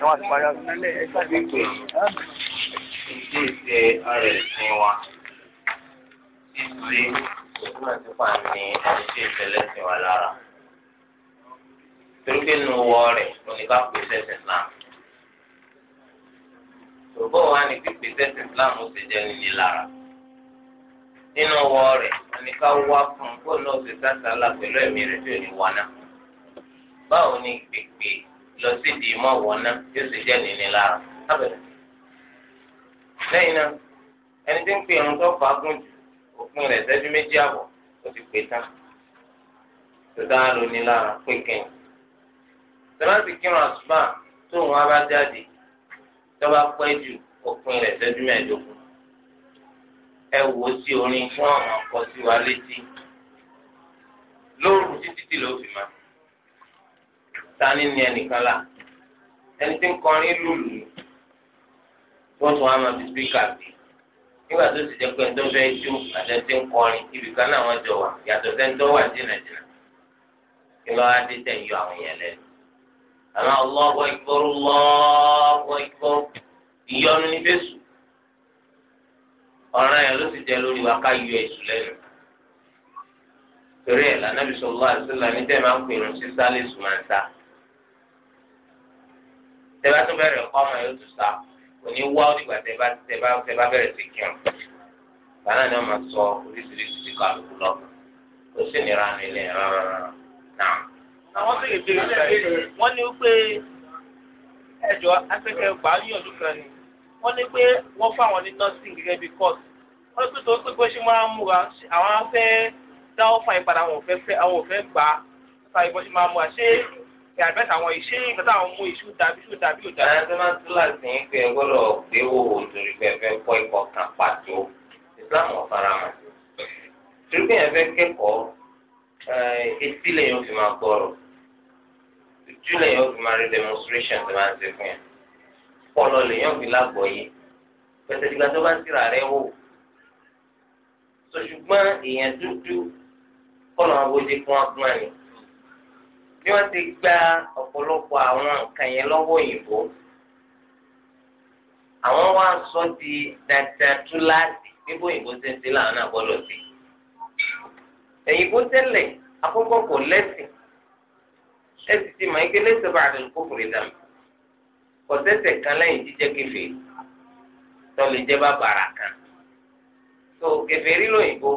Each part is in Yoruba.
wọ́n àti parí ọdún mẹ́lẹ̀ ẹ̀ka bí pé ìdí ìṣe ọ̀rẹ́ ìsìn wa ṣíṣe ìṣúná ti pa ní ẹni tí ìṣẹ̀lẹ̀ sìn wa lára. torí pé nínú wọ rẹ̀ oníkà pèsè Islam. tòbọ̀ wa ni pípèsè Islam ó sì jẹ́ níní lára. nínú wọ rẹ̀ oníkà wá fún kó náà ó sì sáṣà lá pẹ̀lú ẹ̀mí rẹ̀ tí ò ní wá náà. báwo ni pèpè lọ sí di mọ́ wọ̀nà yóò sì jẹ́ nìní lára lábẹ́rẹ́. lẹ́yìn náà ẹni tí ń pè irun tó fagún jù òpin rẹ̀ sẹ́jú méjì àbọ̀ ó ti pè tán tó dáa ló ní lára pé kẹ́yìn. sẹ́mẹ́ǹtì kírun àsùbà tó wọn bá jáde tó bá pẹ́ jù òpin rẹ̀ sẹ́jú mẹ́ẹ̀ẹ́dógún. ẹ wò ó sí orin fún àwọn akọ sí wa létí lóòrùn títí tí ló fi máa. tani ni ẹnìkan la ẹni tí ń kọrin lùlù tún fi spíkà sí nígbà tó ti pé ẹni tó fẹ́ àtẹ tí ń kọrin ibi kan náà jọ wà yàtọ̀ sẹ́ni tó wà jìnnàjìnnà kí lọ́wọ́ tẹ̀ yọ àwọn yẹn lẹ́nu àmọ́ ìyọnu ní ọ̀ràn yọ èṣù lẹ́nu torí ẹ̀ lànà ní tẹ́ máa ń tẹ́lá tó bẹ̀rẹ̀ ọ̀pọ̀ ọmọ yóò tún sá kò ní wá onígbà tẹ́lá tẹ́lá tẹ́lá bẹ̀rẹ̀ sí kí wọn. bàánà ni wọn máa sọ oríṣiríṣi ti kàlùkù lọ ó sì nira ní ilẹ̀ rárá náà. àwọn tó lè béèrè lẹ́yìn wọ́n ní pé ẹ̀jọ̀ afẹ́fẹ́ gbà á kan ni wọ́n ní pé wọ́n fáwọn ní nọ́ọ̀sì gẹ́gẹ́ bí kọ́ọ̀sì wọ́n ní pé tó pé bó ṣe máa ń múra àwọn afẹ́ dáwọ́ fáyín padà àwọn òfẹ́ gbà á fáyín ṣe máa múra ṣé ẹ àdírẹ́sì àwọn ìṣe ìgbàtà àwọn ọmọ ìṣú dàbí ìṣú dàbí ò dàbí. ẹ̀rọ tó máa ń tún láti yín pé ẹ gbọ́dọ̀ gbé wò torí pé ẹ fẹ́ kọ́ ẹ̀kọ́ kan pàtó Islam ọ̀farahàn torí pé ẹ fẹ́ kẹ́kọ̀ọ́ eh, etí lẹ́yìn ó fi máa gbọ́rọ̀ ojú lẹ́yìn ó fi máa rí demonstration tó máa ń ṣe fún yẹn pọlọ lẹ́yìn ó fi lágbọ̀ọ́yé pẹ̀sẹ̀ ìgbà tó bá ń tìrà rẹ wò sọ̀ṣùgbọ́n èèyàn dúdú kọ́ bí wọ́n ti gba ọ̀pọ̀lọpọ̀ àwọn nǹkan yẹn lọ́wọ́ òyìnbó àwọn wá sọ di dandan túláàsì bíbó òyìnbó ṣe ń ṣe láwọn náà gbọ́dọ̀ sí. òyìnbó tẹ́lẹ̀ akọ́kọ́ kò lẹ́sìn ẹ̀sìn ti mọ̀ ike lẹ́sìn bá àdùn kó fòrè dàm kọ̀tẹ́sẹ̀ kan lẹ́yìn jíjẹ́ kẹfẹ́ tọ́lẹ̀ jẹ́ bá bàrà kan. tó kẹfẹ́ rí lóyìnbó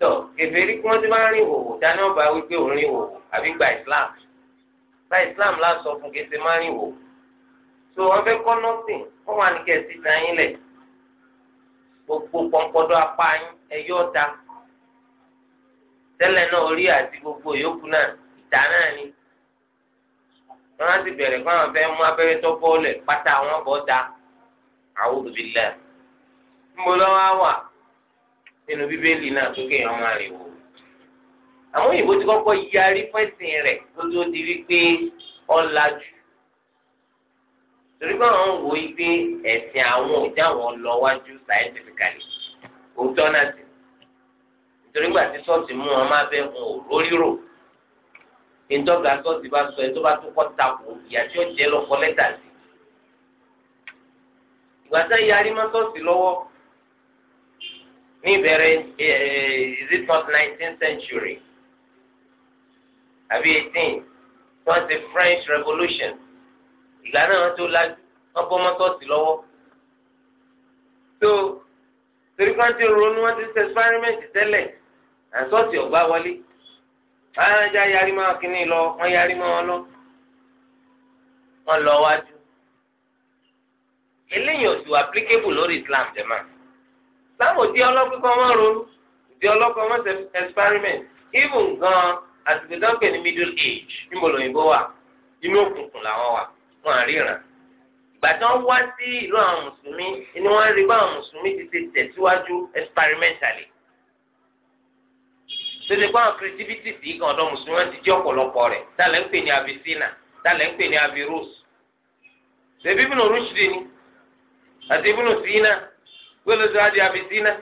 tó kèfèrí kí wọ́n ti máa ń rìn wòwò dání ọba wípé òun rìn wòwò àbí gba islam gba islam lásọ fún kí ẹ ti máa rìn wòwò tó wọ́n fẹ́ kọ́ nọ́ọ̀sìn wọ́n wà ní kẹ́ẹ̀sì tayín lẹ̀ gbogbo pọ́npọ́dọ́ apá yín ẹ̀yọ́ ta tẹ́lẹ̀ náà orí àti gbogbo yòókù náà ìta náà ni wọ́n á sì bẹ̀rẹ̀ fún àwọn fẹ́ mú abẹ́rẹ́ tó bọ́ọ̀lẹ̀ pátá àwọn bọ́ ta àwọn òbí lẹ̀ ń bọ́ lọ́wọ́ wà nínú bíbélì náà tó kéèyàn máa rìn wò àwọn òyìnbó ti kọ́kọ́ yarí fẹ́sìn rẹ̀ kó tó di wípé ọ̀làjú torí pé àwọn wò yí pé ẹ̀sìn àwọn òjá àwọn lọ wájú scientifically òótọ́ náà sì nítorí gbà tí sọ́ọ̀sì mú wọn má bẹ́ẹ̀ hun òrórírò ìjọba sọ́ọ̀sì bá sọ ẹ tó bá tún kọ́ takò ìyá tí ó jẹ́ lọ́kọ́ lẹ́tà sí ìgbà tá yarí má sọ́ọ̀sì lọ́wọ́ ní ìbẹ̀rẹ̀ eh, eh, is it not nineteenth century àbí eighteen tí wọ́n ti French Revolution ìgbà náà wọ́n tó lajú wọ́n bọ́ mọ́tọ́ọ̀sì lọ́wọ́ so torí kan ti ronú wọ́n ti ṣe experiment tẹ́lẹ̀ àǹsọ́ọ̀tì ọ̀gbá wọlé báyọ̀ ajá yarí máa kíní lọ wọ́n yarí máa wọn lọ wọ́n lọ wájú eléyìí ò sì wà applicable lórí Islam jẹ́ máa láwọn òdi ọlọ́pẹ́kọ́ wọn ronú òdi ọlọ́pẹ́ wọn ṣe experiment even gan àsìkò dánpẹ ní middle age níbo lóyìnbó wà inú òkùnkùn làwọn wà wọn àríran ìgbà tí wọn wá sí ìlú àwọn mùsùlùmí ni wọn rí bá àwọn mùsùlùmí ti ṣe tẹ̀síwájú experimentally tẹ̀lé kó àwọn creativity sí kan ọ̀dọ́ mùsùlùmí wọn ti jẹ́ ọ̀pọ̀lọpọ̀ rẹ̀ tálẹ̀ ń pè ní Avicenna tálẹ̀ ń pè ní Averroes ṣèbí bínú rúṣìdì ni àti bínú sínà bóòlù ṣe wá di abidina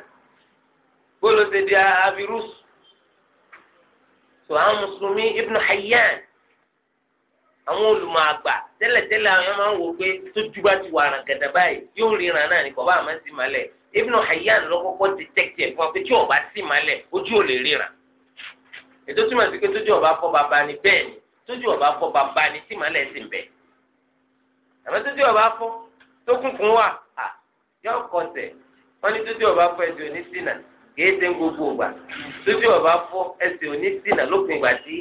bóòlù ṣe di abirus tó àwọn mùsùlùmí ibnu hayyan àwọn olùmọ̀ àgbà tẹ́lẹ̀tẹ́lẹ̀ àwọn máa ń wò pé tó júbà ti wà ràn gàdà báyìí yóò ríran náà ní kọ̀ọ̀bá àmọ́ sí malẹ̀ ibnu hayyan ló kọ́kọ́ detect ẹ̀ fún wa pé tí ọba sí malẹ̀ ojú ò lè ríran ètò túmọ̀ sí pé tójú ọba fọ́ bàbá ni bẹ́ẹ̀ ni tójú ọba fọ́ bàbá ni sí malẹ̀ sí ń bẹ̀ tójú ọba fọ́ tó kún yọ kọsẹ̀ wọ́n ní tójú ọba fọ ẹsẹ̀ òní sínà kìí ṣe ń gbogbo ògbà tójú ọba fọ ẹsẹ̀ òní sínà lópin ìgbà tí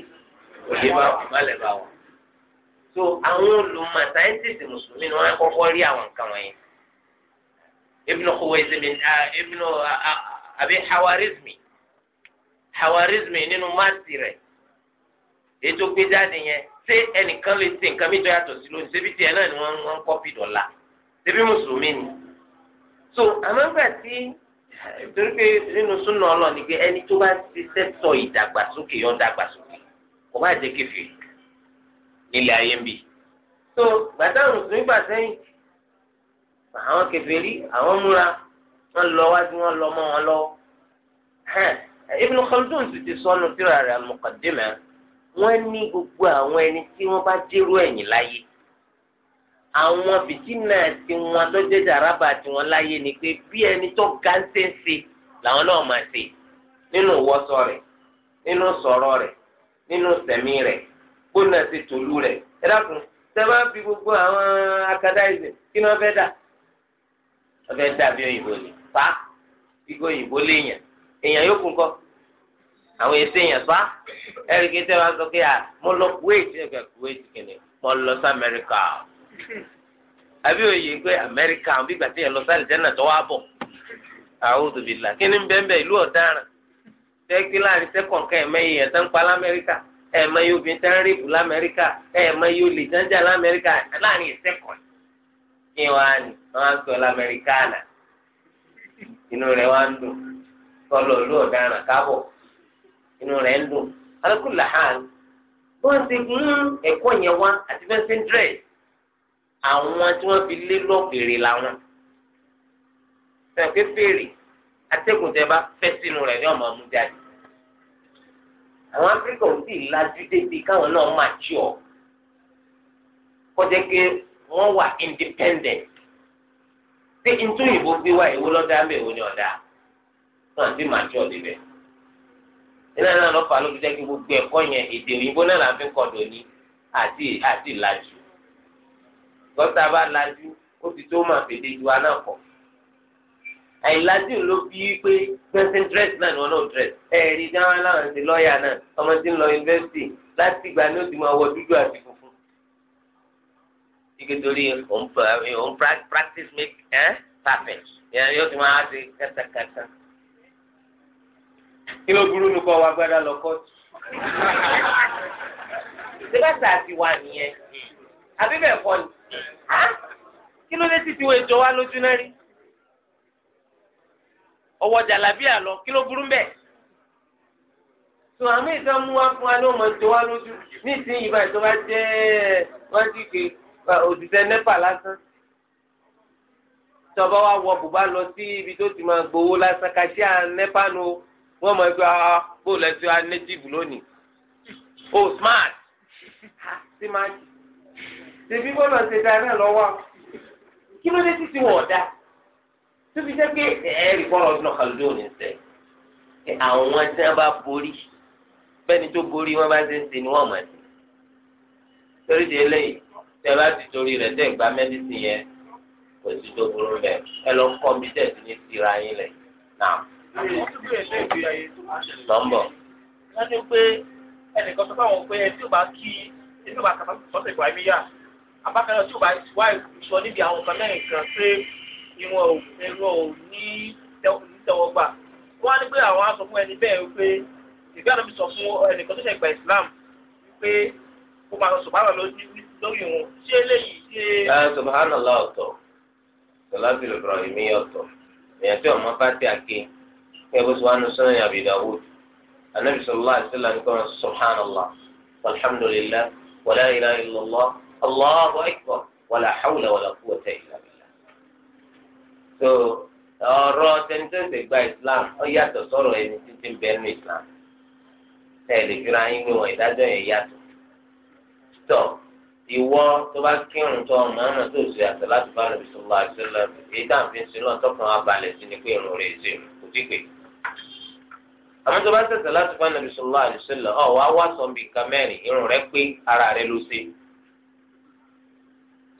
òye bá wà balẹ̀ bá wà. so àwọn olùmọ̀ sáyẹ́ntìsì mùsùlùmí ni wọ́n kọ́kọ́ rí àwọn nǹkan wọ̀nyí. ibnu kowezemi ibnu abi hawarizmi hawarizmi nínú máàsì rẹ̀ ètò gbé jáde yẹn ṣé ẹnìkan lè ṣe nǹkan mi jọ yàtọ̀ sí lónìí ṣébi tiẹ̀ náà ni wọ́n ń kọ́pì dọ̀la ṣébi mùsùlùmí ni so àmọ́gbà tí torí pé nínú súnà ọlọ́ọ̀ni pé ẹni tó bá ti sẹ́tọ̀ ìdàgbàsókè yọ dàgbàsókè kò bá jẹ́ kéfì nílé ayé ń bì. so gbàdáhùn sí nígbà sẹ́yìn àwọn kèfèrí àwọn múra wọn lọ wájú wọn lọ mọ wọn lọ. Ibn Khaldun sì ti sọnù tírà rẹ̀ al-Muqaddimah wọn ní gbogbo àwọn ẹni tí wọn bá dérú ẹ̀yìn láyé àwọn bìtínà tiwọn tó jẹ́ jàràbà tiwọn láyé ni pé bí ẹni tó ga ń ṣe ń ṣe làwọn náà máa ṣe nínú wọ́sọ rẹ̀ nínú sọ̀rọ̀ rẹ̀ nínú sẹ̀mí rẹ̀ gbóná ti tòlú rẹ̀ ẹ dákun sẹ́wọ́n fi gbogbo àwọn akadáìsì kí ni wọ́n fẹ́ dà wọ́n fẹ́ dà bí òyìnbó ni fa gbígbó òyìnbó léèyàn èèyàn yóò kún kọ́ àwọn èsì èèyàn fa ẹ̀ríkì tẹ́wọ́n sọ pé à mo lọ kuwait mo lọ sí amẹ́ríkà. àbí òye pé amẹ́ríkà àwọn bí gbàtí yẹn lọ A lìjẹ́nà tó wá bọ̀ àwòdù bìlà kí ni bẹ́ẹ̀ ìlú ọ̀daràn tẹ́gbẹ́ láàrin sẹ́kọ̀ǹkà ẹ̀mẹ́yìn yẹn tó ń pa lamẹ́ríkà ẹ̀mẹ́yìn obìnrin tó rìbù lamẹ́ríkà ẹ̀mẹ́yìn olè jẹ́ńjà lamẹ́ríkà láàrin kí wọ́n á sọ lamẹ́ríkà inú rẹ̀ wá ń dùn kọlọ̀ ìlú ọ̀daràn kábọ̀ inú rẹ̀ ń dùn alákùlà hàn àwọn tí wọ́n fi lé lọ́bẹ̀rẹ̀ làwọn. sẹ́wọ̀n pé fèrè atẹ́gùn tẹ bá fẹ́ sínú rẹ̀ ní ọmọ ọmọdé àti. àwọn áfíríkà ò sì lajú débi káwọn náà máa tí ọ. kọjá pé wọ́n wà independent. pé ntúyìnbó gbé wá ìwó lọ́dá mẹ́wòó ni ọ̀dà. náà ti máa tí ọ débẹ̀ iná náà lọ fà lóbi jẹ́ kí gbogbo ẹ̀kọ́ yẹn èdè òyìnbó náà là fi kọ́ dòní àti àti ìlàjì gọ́tà bá lajú ó ti tó máa fèdè ju aná kọ̀. àìlájú ló fi pé pẹ́ńsìn dress náà ni wọ́n náà dress ẹ̀ẹ́dì dáhùn aláwọ̀ ti lọ́ọ̀yà náà ọmọ tí ń lọ yunifásitì láti ìgbà ní ó ti máa wọ dúdú àti funfun. ike torí òun practice make eh, perfect yẹn yóò ti máa ṣe kẹtàkẹtà. kí ló burú nu kọ́ wa gbádá lọ kọ́ọ̀tù. síbáṣà ti wà nìyẹn àbí bẹ́ẹ̀ kọ́ ni kí ló dé títí wo ìjọ wa lójú náà rí ọwọ́ jàlábíà lọ kí ló burú bẹ́ẹ̀ tó àmì ìtàn mú wa fún wa ló mọ ìjọ wa lójú ní ìsinyìí báyìí tó bá jẹ́ wọ́n ti ké òṣìṣẹ́ nẹ́pà lásán tọba wa wọ bùbá lọ sí ibi tó ti máa gbowó lásán kàṣíà nẹ́pà nu wọ́n mọ̀ ẹgbẹ́ bóòlù ẹ̀sìn wa nẹ́tìfù lónìí o oh, smart sí máa jì ṣèbí bọ́lọ̀ ṣe dáa náà lọ́wọ́ kí ló dé tí ti wọ̀ ọ̀dà tó fi jẹ́ pé ẹ̀ẹ́rì bọ́lọ̀ ọdún ọ̀kàlùdó ní sẹ́ àwọn tí wọ́n bá borí bẹ́ẹ̀ni tó borí wọ́n bá ṣe ń ṣe ni wọ́n mọ̀ sí torí de eléyìí tẹ bá ti torí rẹ̀ tẹ́ gba mẹ́dísìn yẹn kò sí tó burú bẹ́ẹ̀ ẹ lọ kọ́ bí tẹ̀ sí ní tira yín lẹ̀ náà. lọ́mbọ̀. wọ́n ti pé ẹnìkan tó bá wọn pé ẹ tí ò bá kí ẹ tí ò bá kàtàkùn sọ́sẹ̀ ìgbà ẹ̀mí yá àbákanná tí o bá wá sọ níbi àwọn nǹkan mẹ́rin kan pé ìwọ̀n ò ẹ̀rọ ò ní tẹ́wọ́ gbà wọ́n á ní pé àwọn aṣọ fún ẹni bẹ́ẹ̀ pé ìgbé àdóbi sọ fún ẹnìkan tó ṣe gba Islam pé kó máa lọ sọ̀bánà lórí wọn ṣé eléyìí ṣe. subhanallah ọ̀tọ̀ sọlábì Ibrahim ọ̀tọ̀ èèyàn tí ọmọ bá tẹ àké kí ẹ bó ti wá nu anabi sallallahu alaihi wasallam ní kọ́ subhanallah walhamdulillah wala ilaha illallah. الله أكبر ولا حول ولا قوة إلا بالله. so ọ̀rọ̀ tẹnitẹsẹ gba islam ó yàtọ̀ sọ̀rọ̀ ẹni títí ń bẹ nínú islam ẹ lè fira yín ní wọn ìdájọ́ yẹn yàtọ̀ tọ ìwọ tó bá kírun tó ọmọ ọmọ tó ṣe àtọ láti bá lọ bisọ lọ àti lọ èyí tá à ń fi sin náà tọkàn wa balẹ̀ sí ni pé irun rẹ̀ ṣe kò tí pè. àmọ́ tó bá tẹ̀sẹ̀ láti bá lọ bisọ lọ àti lọ ọ̀ wá wá sọ̀nbì kan mẹ́rin irun rẹ̀ pé ara rẹ̀ ló ṣe.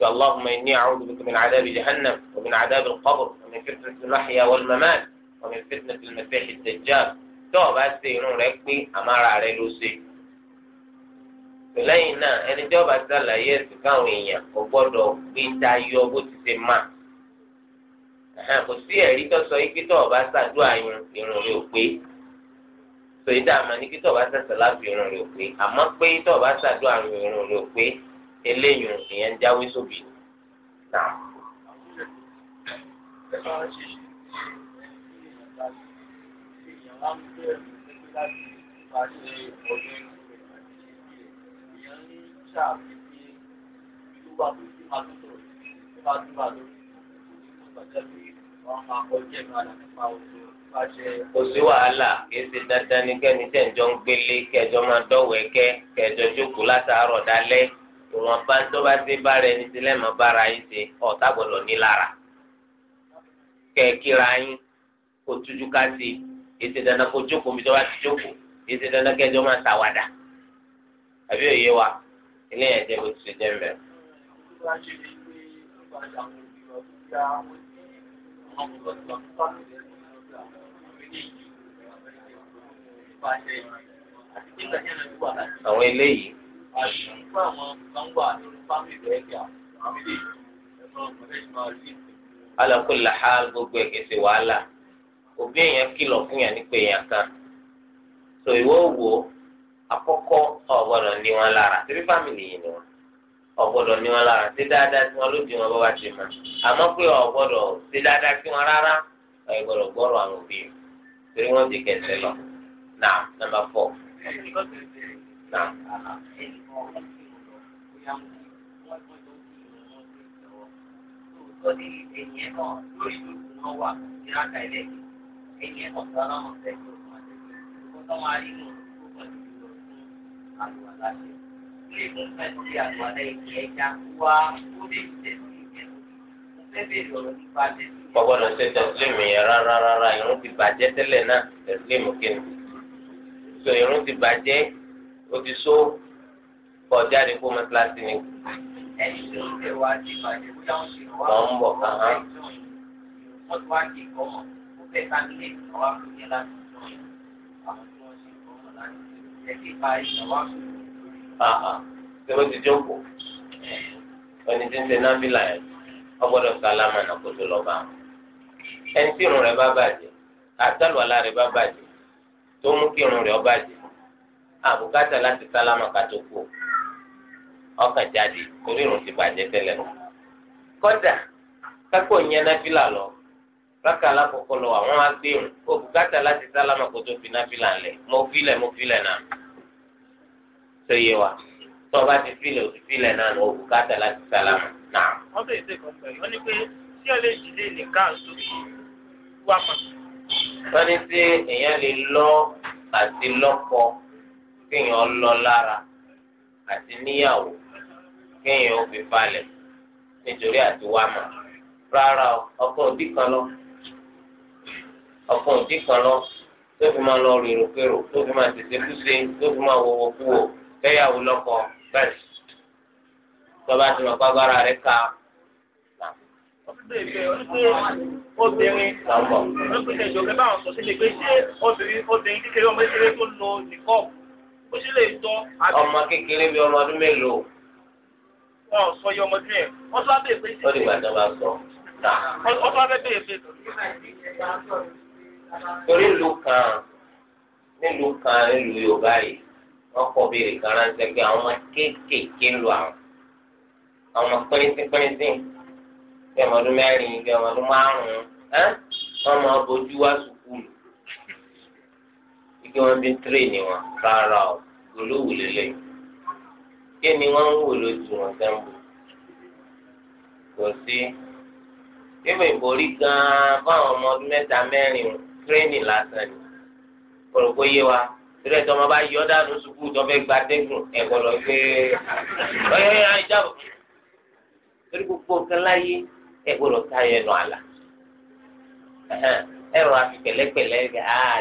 اللهم إني أعوذ بك من عذاب جهنم ومن عذاب القبر ومن فتنة المحيا والممات ومن فتنة المسيح الدجال tó o bá ṣe irun rẹ pé àmàrà rẹ ló ṣe. lẹ́yìn náà ẹni tí ọba ṣàlàyé ẹ̀sìn káwọn èèyàn kò gbọ́dọ̀ gbé tayọ bó ti ṣe máa. kò sí ẹ̀rí tó sọ yìí pé tó o bá ṣàdúrà irun irun rẹ ò pé. sọ yìí dáa máa ní pé tó o bá ṣàṣàlá fi irun rẹ ò pé àmọ́ pé tó o bá ṣàdúrà irun rẹ ò pé eléyìí ìyẹn ń jáwé sóbì náà. kò sí wàhálà kì í ṣe dandan ní kẹ́ni tẹ̀ ń jọ ń gbélé kẹjọ máa dọ̀wẹ́ kẹ́ kẹjọ jókòó látàárọ̀ dálẹ́ ìwọ̀n bá tọ́ba ṣe bára ẹni ti lẹ́mọ̀ bára yín ṣe ọ̀tá gbọ́dọ̀ ní lára kẹ̀kíra yín kó tújú ká sí ètè dandan kó jókòó mi tọ́ba ti jókòó ètè dandan kẹjọ máa ṣàwádà àbí òye wa ilé yẹn jẹ́ ti ṣe jẹ́ mbẹ́. àwọn eléyìí. àbí nípa àwọn kan ha gbogbo ẹ̀kẹ́ wàhálà òbí èèyàn kìlọ̀ fún yàn nípa èèyàn kan tó ìwọ wò ní wọn lára ni wọn ní wọn lára ṣe dáadáa tí wọn ló di wọn ṣe pé ṣe dáadáa wọn rárá ọdí ẹ̀yìn ẹ̀ náà lórí ìlú náà wà ní rákà ilé yìí ẹ̀yìn ẹ̀ náà sọ́nà ọ̀hún sẹ́yìn ọ̀hún ṣe tẹ̀sílẹ̀mù yẹn rárá rárá irun ti bàjẹ́ tẹ́lẹ̀ náà tẹ̀sílẹ̀mù kí o ti so kọjá ní kó mọ́tíláṣí ni. lọ ń bọ̀ kàn án. ṣé wọ́n ti jókòó ẹni tí ń ṣe nábìlà yẹn ọgbọ́dọ̀ sálámà náà kó tó lọ bá wọn. ẹni tí irun rẹ̀ bá bàjẹ́ àtàlù àlá rẹ̀ bá bàjẹ́ tó mú kí irun rẹ̀ ó bàjẹ́ àbùkátà láti sálámà kátó kú ọkàn jáde torí irun ti bàjẹ́ tẹ́lẹ̀ mọ́. kọ́dà kápò yẹn náfìlà lọ rákà alákọ̀ọ́kọ́ lọ àwọn agbéhùn òbùkátà láti sálámà kó tó fi náfìlà lẹ̀ mo filẹ̀ mo filẹ̀ náà tó yé wa tó o bá ti filẹ̀ o ti filẹ̀ náà lọ òbùkátà láti sálámà náà. wọ́n bẹ̀rẹ̀ sí ìkọ̀ pẹ̀lú wọ́n ní pé tí ọ lè yí lé nìkan sórí wàmọ̀. wọ́n ní èèyàn lè lọ àti lọ́kọ̀ọ́ kéèyàn lọ lára àti níyàwó kéèyàn ó fi àti wá mọ̀ rárá ọkọ òdì kan lọ ọkọ òdì kan lọ tó fi máa lọ rèròkèrò tó fi máa tètè kúse tó fi máa wọwọ kú Kéyàwó lọkọ, lọ́kọ ti pàgbára ká obìnrin sọ sílẹ̀ pé ṣé obìnrin obìnrin kékeré ọmọ tó ó sì lè tọ́. ọmọ kékeré bíi ọmọ ọdún mélòó. wọn ò sọ iye ọmọ tí yẹn wọn sọ abẹ́ ìpè. ó dìgbà tó bá sọ. wọn sọ abẹ́ bẹ́ẹ̀ bẹ́ẹ̀. torí ìlú kan nílùú kan nílùú Yorùbá yìí wọn kọ béèrè kan ránṣẹ́ pé àwọn ọmọ kéékèèké ń lo àwọn àwọn pínrínpínrín bí ọmọ ọdún mẹ́rin bí ọmọ ọdún márùn-ún wọn máa bójú wá sùn ike wọn bí tírèèni wọn rárá o olówó lélẹ̀ kí ni wọn ń wò lójú wọn sẹ́ńbù kò sí bíbẹ ìborí gan-an fáwọn ọmọ ọdún mẹ́ta mẹ́rin tírèèni lásán ni kọ̀rọ̀ kó yé wa tẹ́lẹ̀ tí ọmọ bá yọ dànù sùkú tó fẹ́ gba tẹ́gùn ẹ̀kọ́ lọ gbé ọyọ́yọ́ e. ìjábọ̀ torí gbogbo nǹkan láyé ẹ̀kọ́ lọ ká yẹnu àlà ẹ̀rọ àti pẹ̀lẹ́pẹ̀lẹ́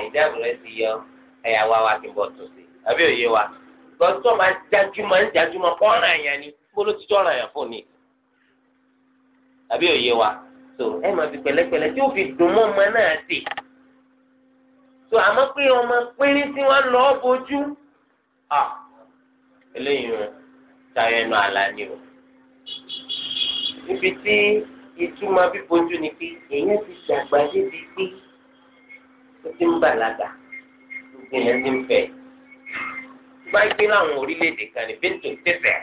ìjábọ̀ rẹ ti yọ ẹ̀yà wa wa ti bọ̀ tó sí àbí òye wa gbọ́dọ̀ máa ń jájúmọ́ ń jájúmọ́ kọ́ra yẹn ni gbọ́dọ̀ ti tọ́ra yẹn fún ni àbí òye wa so ẹ máa fi pẹ̀lẹ́pẹ̀lẹ́ tí ó fi dùn mọ́ ọmọ náà sí so àmọ́ pé ọmọ pínrín tí wọ́n lọ́ọ́ bojú ah eléyìí o táyọ̀ ẹnu àlá ni o níbi tí ìtumọ̀ bíbojú ni pé èèyàn ti dàgbà débi pé ó ti ń bàlágà títí yẹn ti ń fẹ̀. bá gbé láwọn orílẹ̀-èdè kan ní bíntò tẹ̀sẹ̀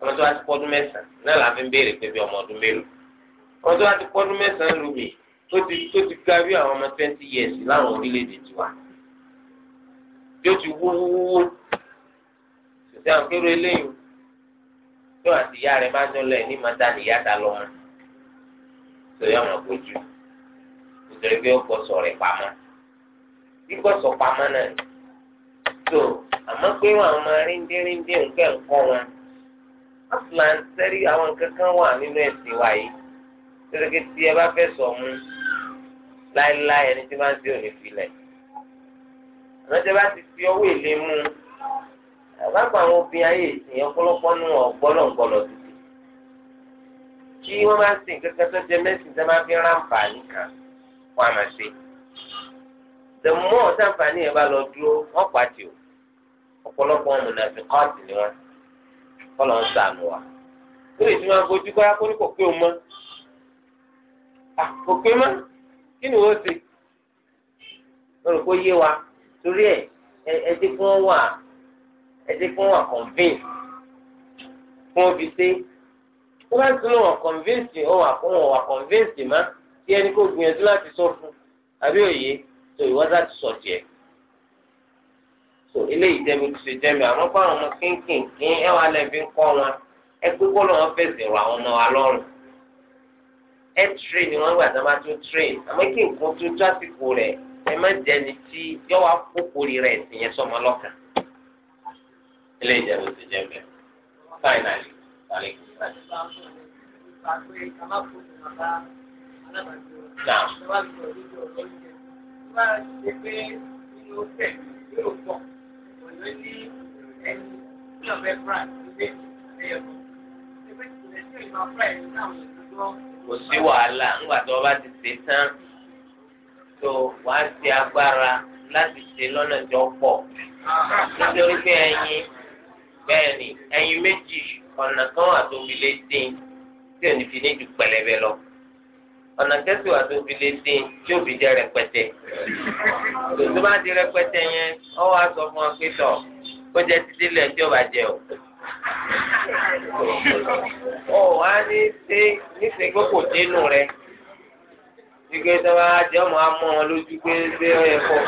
ọmọ tó bá ti pọ́dún mẹ́sàn-án náà la fi ń béèrè pé bí ọmọ ọdún mélòó ọmọ tó bá ti pọ́dún mẹ́sàn-án lómi tó ti tó ti ga bí àwọn ọmọ twenty years láwọn orílẹ̀-èdè tiwa tí ó ti wúwúwú ṣùgbọ́n àwọn kéré eléyìí tó àti ìyá rẹ̀ bá jọ lọ ẹ̀ ní màtá ni ìyá ta lọ́mọ sọ yọ ọmọ kojú nítorí pé ó kọ sọ̀rọ̀ ẹ̀ kíkọ̀sọ̀ pamọ́ náà ni. tó àmọ́ pé wọn àwọn máa ríndínríndín nǹkan ẹ̀kọ́ wọn aslan sẹ́rí àwọn nǹkan kan wà nínú ẹ̀sìn wa yìí tẹ́lẹ̀kẹ́ tí ẹ bá fẹ́ sọ mú láéláé ẹni tí máa ń ṣe òní filẹ̀ àmọ́ tẹ́ bá ti fi ọwọ́ èlé mú àbápa àwọn obìnrin ayé ìsìn ọ̀pọ̀lọpọ̀ nù ọ̀gbọ́lọ̀gbọ́lọ̀ títí kí wọ́n máa sìn kankan tó jẹ mẹ́sìn tó máa fi ráǹpà nìkan wọ́n á ṣe the more sànfàní yẹn bá lọ dúró wọn pàtì o ọ̀pọ̀lọpọ̀ ọmọ náà fi kọ́ọ̀tì ni wọn kọlọ ń sànù wa lórí ìtumọ̀ àgbójú kọ́ra kó ní kò pé o mọ́ kò pé mọ́ kí ni wọ́n ṣe lọ́rọ̀ kó yé wa torí ẹ̀ ẹdí kí wọ́n wà ẹdí kí wọ́n wà convince kí wọ́n fi ṣe wọ́n bá tún wọ́n convince ọ̀wà kó wọ́n wà convince mọ́ kí ẹni kó gbìyànjú láti sọ fún àbí òye so ìwọ sá ti sọ tiẹ̀ so eléyìí jẹ́ mi ti ṣe jẹ́ mi àmọ́ fáwọn ọmọ kínkìnkín ẹ wà lẹ́bi ń kọ́ wọn ẹ pé kó lọ́wọ́ fẹsẹ̀ rọ àwọn ọmọ wa ẹ tírè ni wọ́n gbà tá a máa tó tírè àmọ́ kí nǹkan tó tó àsìkò rẹ̀ ẹ má jẹ́ ni tí yọ wá kókòrì rẹ̀ sì yẹn sọmọ lọ́kàn eléyìí jẹ́ mi ti jẹ́ mi finally wàlẹ́ kí n bá yẹ máa ṣe pé nínú tẹ̀ yóò pọ̀ pẹ̀lú ní ẹni ní ọ̀bẹ brand nílé àbẹ́yẹ̀kọ́. Kò sí wàhálà ńgbà tó o bá ti ṣe tán tó wà á ti agbára láti ṣe lọ́nà tí ó pọ̀. Nítorí pé ẹyin bẹ́ẹ̀ ni ẹyin méjì ọ̀nà kan wà tó fi lé dín tí ò ní fi ní ju pẹlẹbẹ lọ. ọ̀nà tẹ́síwá tó fi lè dín tí òbí jẹ́ rẹpẹtẹ. tó bá di rẹpẹtẹ yẹn ọ wá sọ fún pé tọ̀ ó jẹ́ títí lẹ̀ tí ọba jẹ o. wá ní ṣe dínú rẹ gbígbé tó bá jẹ́ ọmọ amọ́ wọn lójú pé ṣé ọ yẹ kọ́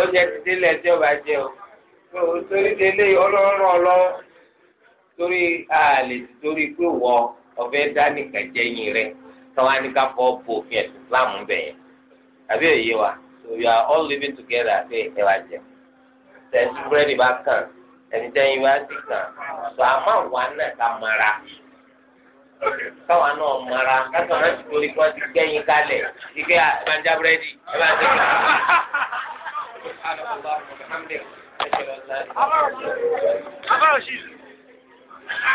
ó jẹ́ títí lẹ̀ tí ọba jẹ o. torí délé ọlọ́run torí a torí pé wọ káwá ní ká fọ́ bo òfin ẹ̀sìn Islam ń bẹ̀ yẹn àbí òye wa so we are all living together àti ẹ̀wà jẹ tẹ̀sí búrẹ́dì bá kàn ẹni tẹ́yìn wá sí kàn so àmọ́ àwa náà ká mara káwa náà mara kákan náà ti torí kí wọ́n ti gbẹ́yìn kalẹ̀ ike àbájá ah, búrẹ́dì ẹ bá ti kàn. Abáyọ̀sí.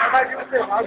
Abáyọ̀sí.